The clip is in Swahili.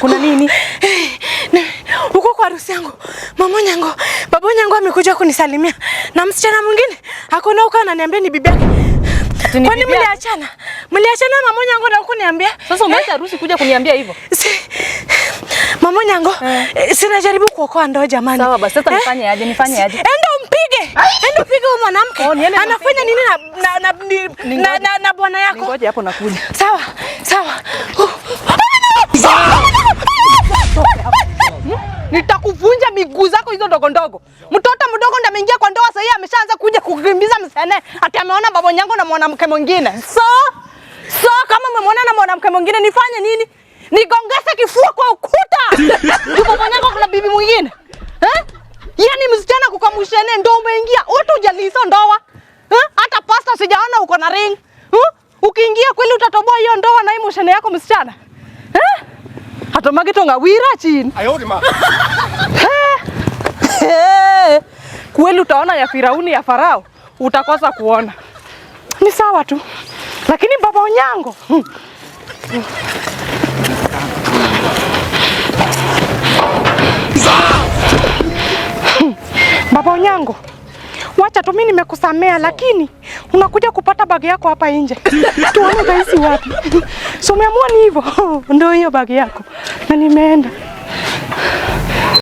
Kuna nini? Uko kwa harusi yangu mama nyango baba nyango amekuja kunisalimia na msichana mwingine hakuna huko, ananiambia ni bibi yake. Kwani mliachana? Mliachana mama nyango na ukuniambia? Sasa umeacha eh? harusi kuja kuniambia hivyo? Si. Mama nyango, eh, eh jaribu kuokoa ndoa jamani. Sawa basi sasa eh? nifanye aje? Nifanye aje? Enda umpige. Enda upige huyo mwanamke. Oh, Anafanya nini na, na, na, na bwana yako? Ngoja hapo nakuja. Sawa. hizo ndogo ndogo. Mtoto mdogo ndo ameingia kwa ndoa sasa ameshaanza kuja kukimbiza msene. Ati ameona babo babanyangu na mwanamke mwingine. So so kama umemwona na mwanamke mwingine nifanye nini? Nigongese kifua kwa ukuta. Yuko mwanangu kuna bibi mwingine. Eh? Yaani msichana kukamushene ndo umeingia. Watu hujalizo ndoa. Eh? Hata pasta sijaona uko na ring. Eh? Ukiingia kweli utatoboa hiyo ndoa na hiyo mshene yako msichana. Eh? Hata magito ngawira chini. Ayodi ma. Hey. Eh? kweli utaona ya Firauni ya Farao utakosa kuona. Ni sawa tu, lakini baba Onyango hmm. Hmm. Baba Onyango, wacha tu, mimi nimekusamea, lakini unakuja kupata bagi yako hapa nje tuone utaisi wapi. So umeamua ni hivyo, ndio hiyo bagi yako na nimeenda